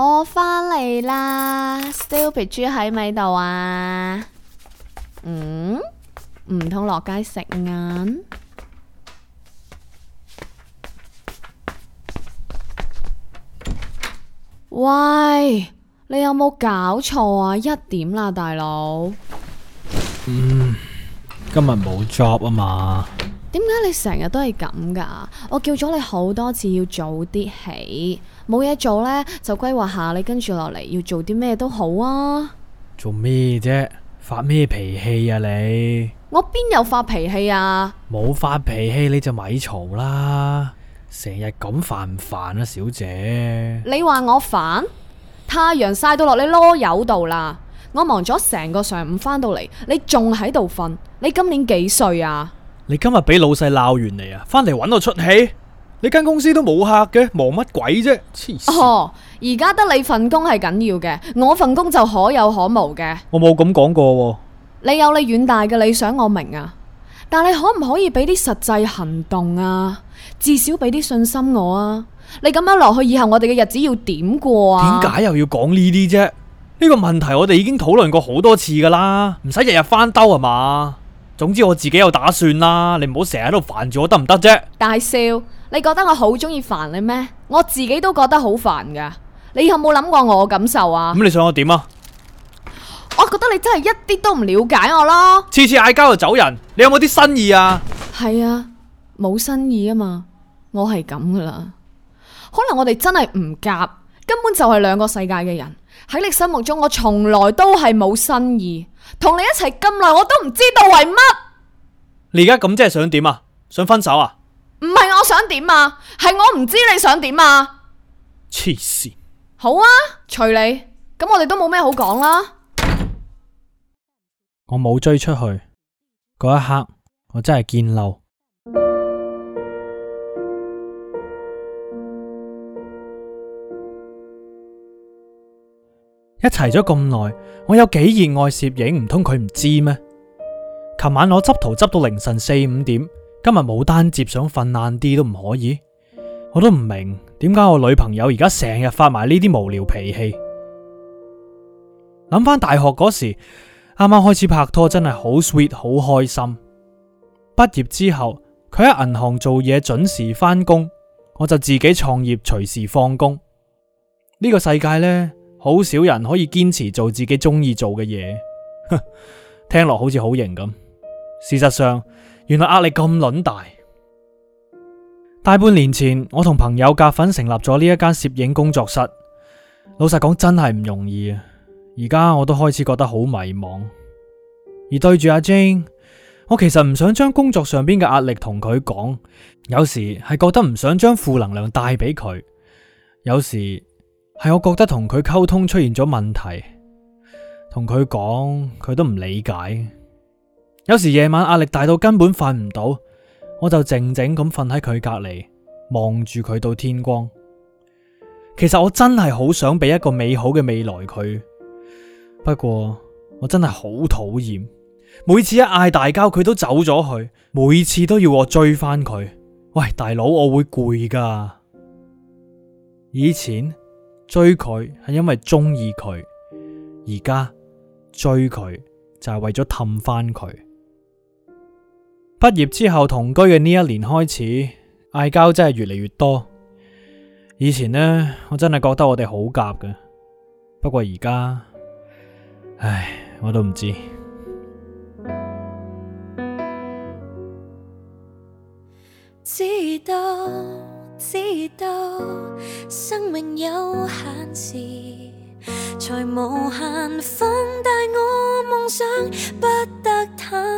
我返嚟啦，Stumpy 豬喺咪度啊？嗯？唔通落街食晏？喂，你有冇搞錯啊？一點啦，大佬。嗯，今日冇 job 啊嘛？點解你成日都係咁噶？我叫咗你好多次要早啲起。冇嘢做呢，就規劃下你跟住落嚟要做啲咩都好啊！做咩啫？發咩脾氣啊你？我邊有發脾氣啊？冇發脾氣你就咪嘈啦！成日咁煩唔煩啊，小姐？你話我煩？太陽曬到落你囉柚度啦！我忙咗成個上午返到嚟，你仲喺度瞓？你今年幾歲啊？你今日俾老細鬧完你啊？返嚟搵我出氣？你間公司都冇客嘅，忙乜鬼啫？哦，而家得你份工係緊要嘅，我份工就可有可無嘅。我冇咁講過。你有你遠大嘅理想，我明啊，但你可唔可以俾啲實際行動啊？至少俾啲信心我啊。你咁樣落去，以後我哋嘅日子要點過啊？點解又要講呢啲啫？呢個問題我哋已經討論過好多次噶啦，唔使日日翻兜係嘛。總之我自己有打算啦，你唔好成日喺度煩住我得唔得啫？行行大笑。你覺得我好中意煩你咩？我自己都覺得好煩噶。你有冇諗過我感受啊？咁、嗯、你想我點啊？我覺得你真係一啲都唔了解我咯。次次嗌交就走人，你有冇啲新意啊？係 啊，冇新意啊嘛，我係咁噶啦。可能我哋真係唔夾，根本就係兩個世界嘅人。喺你心目中，我從來都係冇新意。同你一齊咁耐，我都唔知道為乜。你而家咁即係想點啊？想分手啊？唔係我想點啊，係我唔知你想點啊！黐線！好啊，隨你。咁我哋都冇咩好講啦。我冇追出去嗰一刻，我真係見漏。 一齊咗咁耐，我有幾熱愛攝影，唔通佢唔知咩？琴晚我執圖執到凌晨四五點。今日冇單接，想瞓晏啲都唔可以，我都唔明點解我女朋友而家成日發埋呢啲無聊脾氣。諗翻大學嗰時，啱啱開始拍拖，真係好 sweet，好開心。畢業之後，佢喺銀行做嘢，準時翻工，我就自己創業，隨時放工。呢個世界呢，好少人可以堅持做自己中意做嘅嘢。哼，聽落好似好型咁，事實上。原來壓力咁卵大。大半年前，我同朋友夾份成立咗呢一間攝影工作室。老實講，真係唔容易啊。而家我都開始覺得好迷茫。而對住阿晶，我其實唔想將工作上邊嘅壓力同佢講。有時係覺得唔想將負能量帶俾佢。有時係我覺得同佢溝通出現咗問題，同佢講佢都唔理解。有時夜晚壓力大到根本瞓唔到，我就靜靜咁瞓喺佢隔籬，望住佢到天光。其實我真係好想俾一個美好嘅未來佢，不過我真係好討厭，每次一嗌大交佢都走咗去，每次都要我追翻佢。喂大佬，我會攰㗎。以前追佢係因為中意佢，而家追佢就係為咗氹翻佢。畢業之後同居嘅呢一年開始，嗌交真係越嚟越多。以前呢，我真係覺得我哋好夾㗎。不過而家，唉，我都唔知。知道，知道，生命有限次，才無限放大我夢想不。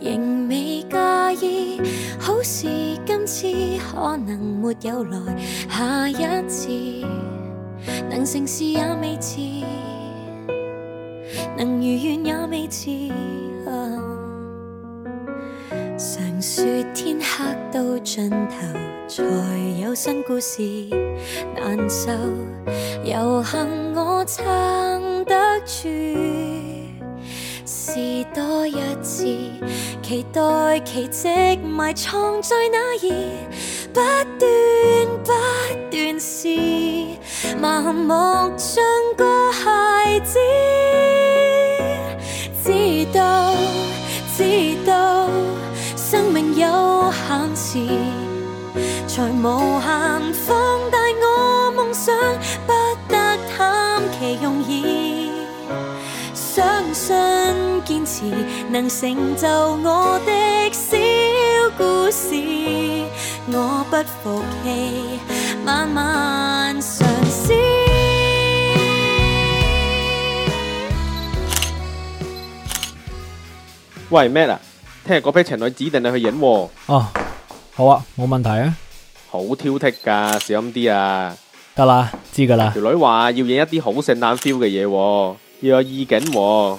仍未介意，好事今次可能沒有來。下一次能成事也未遲，能如願，也未遲。常、啊、說天黑到盡頭才有新故事，難受又幸我撐得住。試多一次，期待奇跡埋藏在哪兒，不斷不斷試，盲目像個孩子。知道知道，生命有限時，才無限放大我夢想，不得貪其容易。相信。堅持能成就我我的小故事，我不服氣慢慢嘗試。喂，Matt 啊，聽日嗰批情侶指定你去影喎，啊啊。好啊，冇問題啊。好挑剔噶，小心啲啊。得啦，知噶啦。條女話要影一啲好聖誕 feel 嘅嘢，要有意境啊。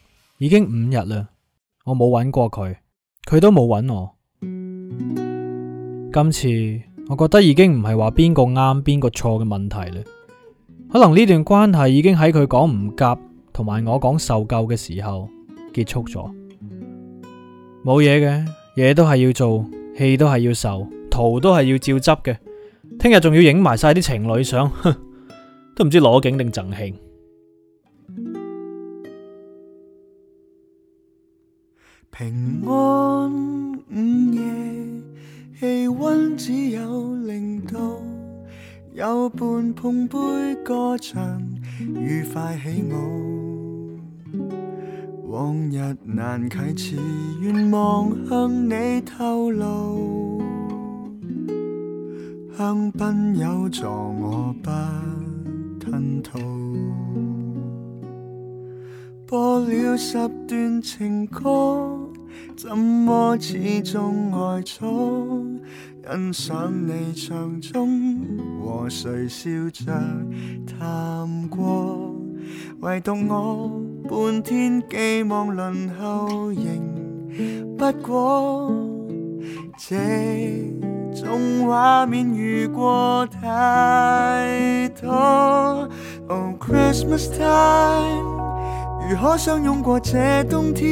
已經五日啦，我冇揾過佢，佢都冇揾我。今次我覺得已經唔係話邊個啱邊個錯嘅問題啦，可能呢段關係已經喺佢講唔夾，同埋我講受夠嘅時候結束咗。冇嘢嘅，嘢都係要做，戲都係要受，圖都係要照執嘅。聽日仲要影埋晒啲情侶相， 都唔知攞景定贈慶。平安午夜，氣溫只有零度，有伴碰杯歌唱，愉快起舞。往日難啟齒願望向你透露，香檳有助我不吞吐，播了十段情歌。怎麼始終愛錯？欣賞你場中和誰笑着談過，唯獨我半天寄望輪候仍不過，這種畫面遇過太多。o、oh, Christmas time，如可相擁過這冬天？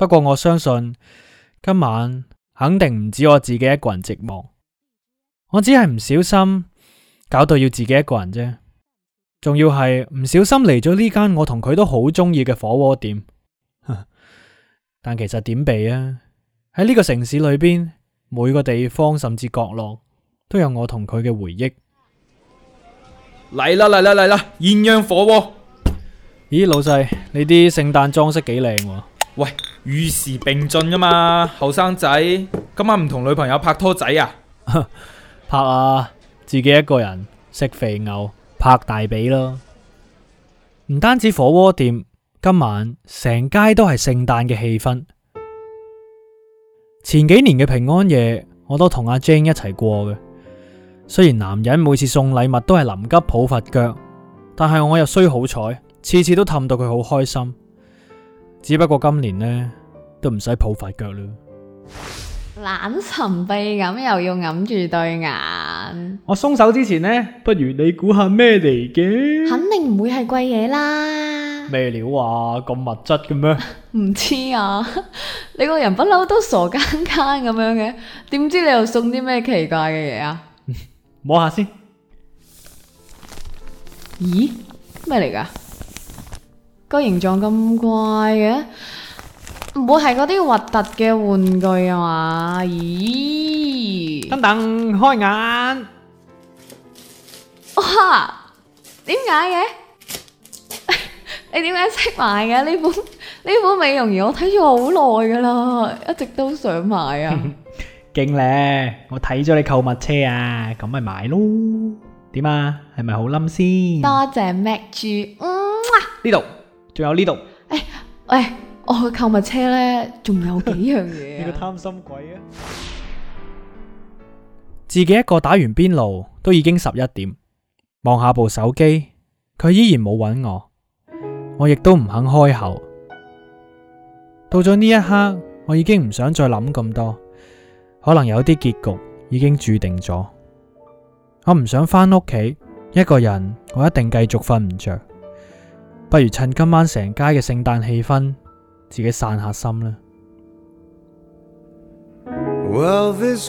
不過我相信今晚肯定唔止我自己一個人寂寞，我只係唔小心搞到要自己一個人啫，仲要係唔小心嚟咗呢間我同佢都好中意嘅火鍋店。但其實點避啊？喺呢個城市裏邊，每個地方甚至角落都有我同佢嘅回憶。嚟啦嚟啦嚟啦！鴛鴦火鍋。咦，老細，你啲聖誕裝飾幾靚喎？喂。與時並進啊嘛，後生仔今晚唔同女朋友拍拖仔啊， 拍啊，自己一個人食肥牛拍大髀咯。唔 單止火鍋店，今晚成街都係聖誕嘅氣氛。前幾年嘅平安夜，我都同阿 Jane 一齊過嘅。雖然男人每次送禮物都係臨急抱佛腳，但係我又衰好彩，次次都氹到佢好開心。只不過今年呢，都唔使抱塊腳啦。懶神秘咁，又要揞住對眼。我鬆手之前呢，不如你估下咩嚟嘅？肯定唔會係貴嘢啦。咩料啊？咁物質嘅咩？唔知啊，你個人不嬲都傻更更咁樣嘅，點知你又送啲咩奇怪嘅嘢啊？摸下先。咦？咩嚟噶？個形狀咁怪嘅，唔會係嗰啲核突嘅玩具啊嘛？咦，等等，開眼，哇，點解嘅？ 你點解識買嘅呢款呢款美容儀？我睇咗好耐噶啦，一直都想買啊！勁咧， 我睇咗你購物車啊，咁咪買咯？點啊？係咪好冧先？多謝 Matt 豬，嗯，呢度。仲有呢度，誒、欸欸、我去購物車呢，仲有幾樣嘢，啊、 你個貪心鬼啊！自己一個打完邊爐，都已經十一點，望下部手機，佢依然冇揾，我，我亦都唔肯開口。到咗呢一刻，我已經唔想再諗咁多，可能有啲結局已經注定咗。我唔想翻屋企一個人，我一定繼續瞓唔着。不如趁今晚成街嘅聖誕氣氛，自己散下心啦。Well, this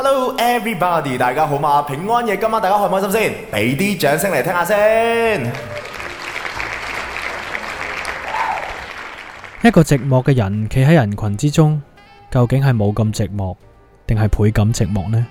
Hello everybody，大家好嘛！平安夜今晚大家開唔開心先？俾啲掌聲嚟聽下先。一個寂寞嘅人企喺人群之中，究竟係冇咁寂寞，定係倍感寂寞呢？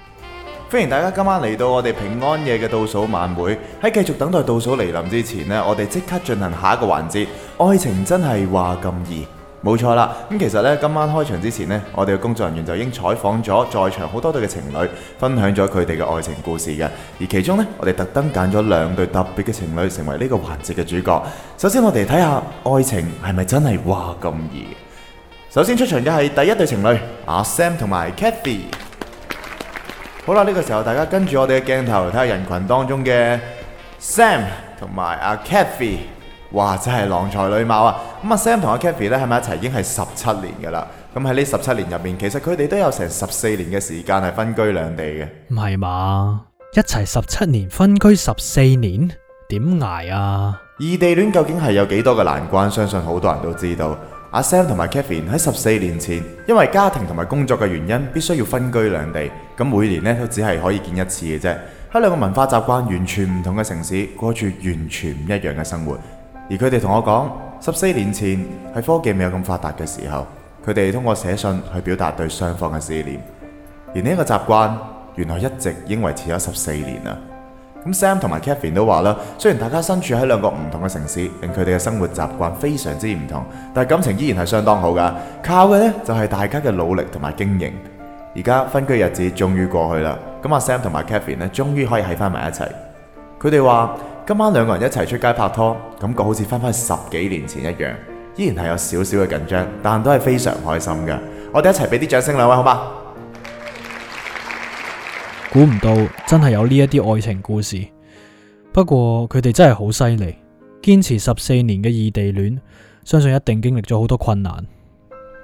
歡迎大家今晚嚟到我哋平安夜嘅倒數晚會。喺繼續等待倒數來臨之前呢，我哋即刻進行下一個環節。愛情真係話咁易。冇錯啦，咁其實呢，今晚開場之前呢，我哋嘅工作人員就已經採訪咗在場好多對嘅情侶，分享咗佢哋嘅愛情故事嘅。而其中呢，我哋特登揀咗兩對特別嘅情侶成為呢個環節嘅主角。首先，我哋睇下愛情係咪真係話咁易？首先出場嘅係第一對情侶，阿 Sam 同埋 Kathy。好啦，呢個時候大家跟住我哋嘅鏡頭睇下人群當中嘅 Sam 同埋阿 Kathy。哇！真係郎才女貌啊！咁阿 Sam 同阿 Kathy 咧，喺埋一齊，已經係十七年噶啦。咁喺呢十七年入面，其實佢哋都有成十四年嘅時間係分居兩地嘅。唔係嘛？一齊十七年，分居十四年，點挨啊？異地戀究竟係有幾多個難關？相信好多人都知道。阿 Sam 同埋 Kathy 喺十四年前，因為家庭同埋工作嘅原因，必須要分居兩地。咁每年呢，都只係可以見一次嘅啫。喺兩個文化習慣完全唔同嘅城市過住完全唔一樣嘅生活。而佢哋同我講，十四年前喺科技未有咁發達嘅時候，佢哋通過寫信去表達對雙方嘅思念。而呢一個習慣，原來一直已經維持咗十四年啦。咁 Sam 同埋 Katherine 都話啦，雖然大家身處喺兩個唔同嘅城市，令佢哋嘅生活習慣非常之唔同，但係感情依然係相當好噶。靠嘅呢，就係、是、大家嘅努力同埋經營。而家分居日子終於過去啦，咁阿 Sam 同埋 Katherine 呢，終於可以喺翻埋一齊。佢哋話今晚兩個人一齊出街拍拖，感覺好似翻返十幾年前一樣，依然係有少少嘅緊張，但都係非常開心嘅。我哋一齊俾啲掌聲兩位，好嘛？估唔到真係有呢一啲愛情故事，不過佢哋真係好犀利，堅持十四年嘅異地戀，相信一定經歷咗好多困難。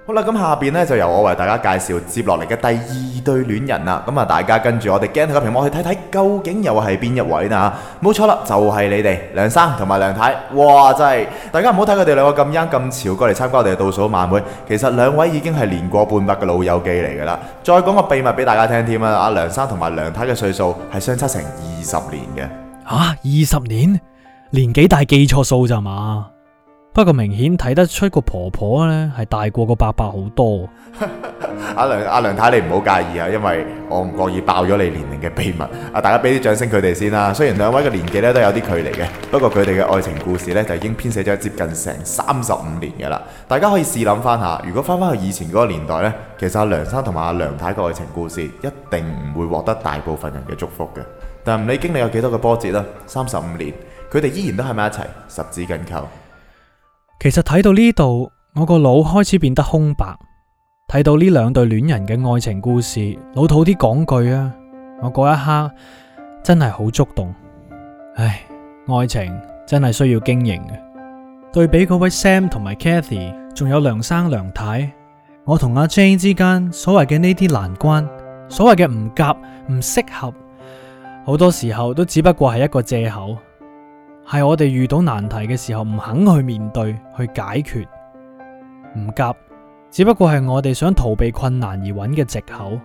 好啦，咁下邊呢，就由我為大家介紹接落嚟嘅第二對戀人啦。咁啊，大家跟住我哋鏡頭嘅屏幕去睇睇，究竟又係邊一位啊？冇錯啦，就係、是、你哋梁生同埋梁太。哇，真係大家唔好睇佢哋兩個咁 young 咁潮過嚟參加我哋嘅倒數晚會。其實兩位已經係年過半百嘅老友記嚟噶啦。再講個秘密俾大家聽添啊。阿梁生同埋梁太嘅歲數係相差成二十年嘅。吓、啊，二十年？年紀大記錯數咋嘛？不過明顯睇得出個婆婆呢係大過個伯伯好多。阿、 啊、梁阿、啊、梁太，你唔好介意啊，因為我唔覺意，爆咗你年齡嘅秘密。啊，大家俾啲掌聲佢哋先啦。雖然兩位嘅年紀呢都有啲距離嘅，不過佢哋嘅愛情故事呢，就已經編寫咗接近成三十五年嘅啦。大家可以試諗翻下，如果翻翻去以前嗰個年代呢，其實阿梁生同埋阿梁太嘅愛情故事一定唔會獲得大部分人嘅祝福嘅。但唔理經歷有幾多嘅波折啦，三十五年，佢哋依然都喺埋一齊，十指緊扣。其實睇到呢度，我個腦開始變得空白。睇到呢兩對戀人嘅愛情故事，老土啲講句啊，我嗰一刻真係好觸動。唉，愛情真係需要經營嘅。對比嗰位 Sam 同埋 Kathy，仲有梁生梁太，我同阿 Jane 之間所謂嘅呢啲難關，所謂嘅唔夾唔適合，好多時候都只不過係一個借口。係我哋遇到難題嘅時候唔肯去面對去解決，唔夾，只不過係我哋想逃避困難而揾嘅藉口。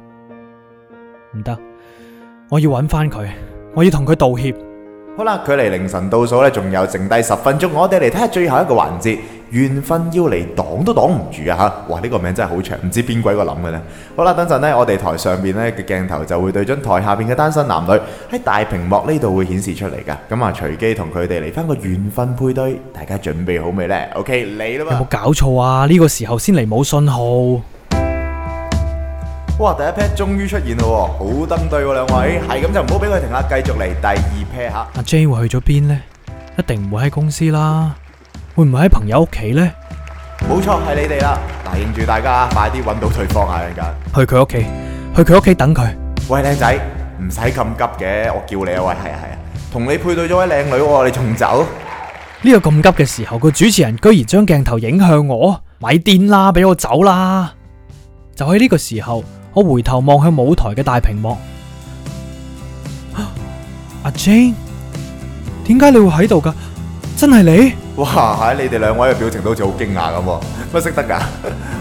唔得，我要揾翻佢，我要同佢道歉。好啦，距離凌晨倒數咧，仲有剩低十分鐘，我哋嚟睇下最後一個環節，緣分要嚟擋都擋唔住啊吓！哇，呢個名真係好長，唔知邊鬼個諗嘅呢。好啦，等陣呢，我哋台上邊呢嘅鏡頭就會對準台下邊嘅單身男女，喺大屏幕呢度會顯示出嚟噶，咁啊隨機同佢哋嚟翻個緣分配對，大家準備好未呢？OK，嚟啦嘛！Okay, 有冇搞錯啊？呢個時候先嚟冇信號。哇！第一 pair 終於出現咯，好登對喎，兩位係咁 就唔好俾佢停啦，繼續嚟第二 pair 吓。阿 J 會去咗邊呢？一定唔會喺公司啦，會唔會喺朋友屋企呢？冇錯係你哋啦！答應住大家快啲揾到對方啊！陣間去佢屋企，去佢屋企等佢。喂，靚仔，唔使咁急嘅，我叫你啊！喂，係啊係啊，同你配對咗位靚女，你重走。呢個咁急嘅時候，個主持人居然將鏡頭影向我，咪癲啦！俾我走啦！就喺呢個時候。我回頭望向舞台嘅大屏幕，阿、啊、Jane，點解你會喺度噶？真係你？哇，你哋兩位嘅表情好都好似好驚訝咁，乜識得噶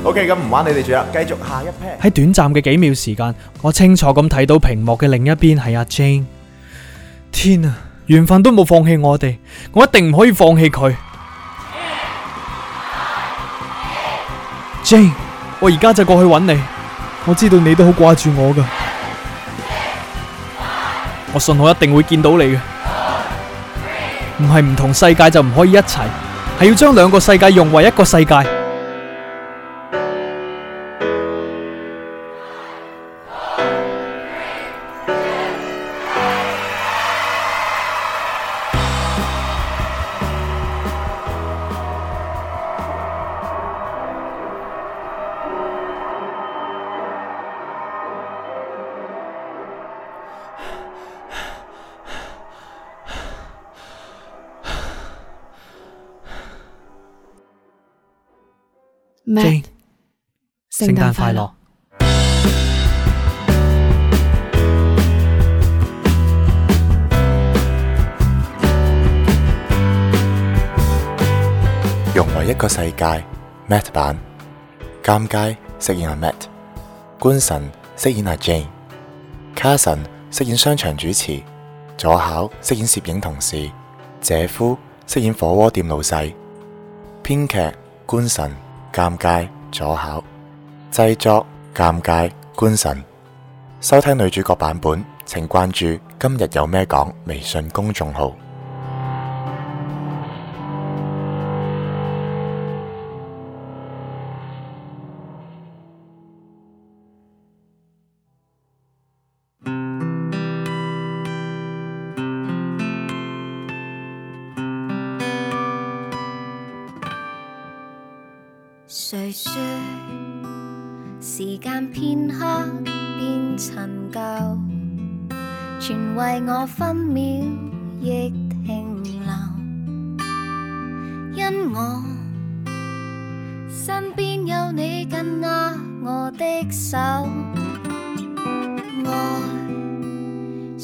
？OK，咁唔玩你哋住啦，繼續，下一 pair。喺短暫嘅幾秒時間，我清楚咁睇到屏幕嘅另一邊係阿 Jane。天啊，緣分都冇放棄我哋，我一定唔可以放棄佢。Jane，我而家就過去揾你。我知道你都好掛住我㗎，我信我一定會見到你嘅。唔係唔同世界就唔可以一齊，係要將兩個世界融為一個世界。Jane 聖誕快樂。融為 一個世界，Matt 版。監街飾演阿 Matt，官神飾演阿 Jane，Carson 飾演商場主持，左考飾演攝影同事，姐夫飾演火鍋店老細。編劇官神。尷尬左考，製作尷尬官神。收聽女主角版本，請關注今日有咩講微信公眾號。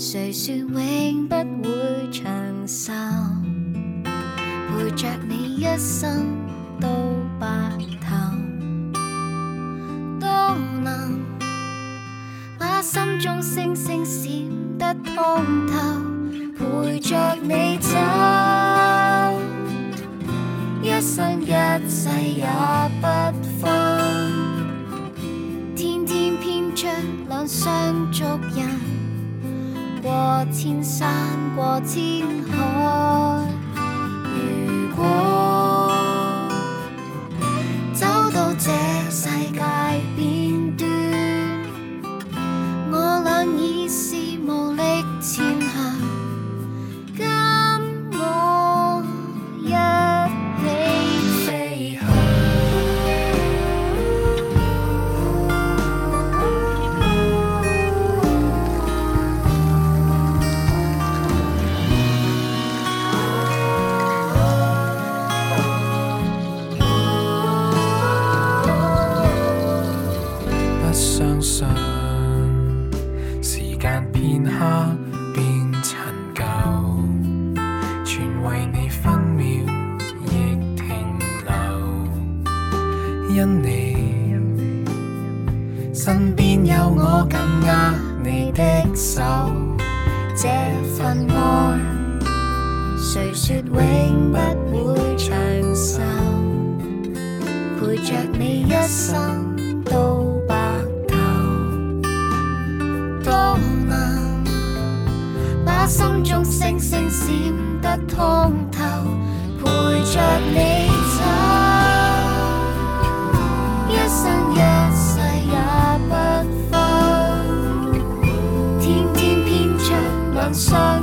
誰説永不會長壽？陪着你一生到白頭，都能把心中星星閃得通透。陪着你走，一生一世也不分。天天編著兩雙足。過千山，過千海。誰說永不會長壽？陪着你一生到白頭，都能把心中星星閃得通透。陪着你走，一生一世也不分，天天編出晚上。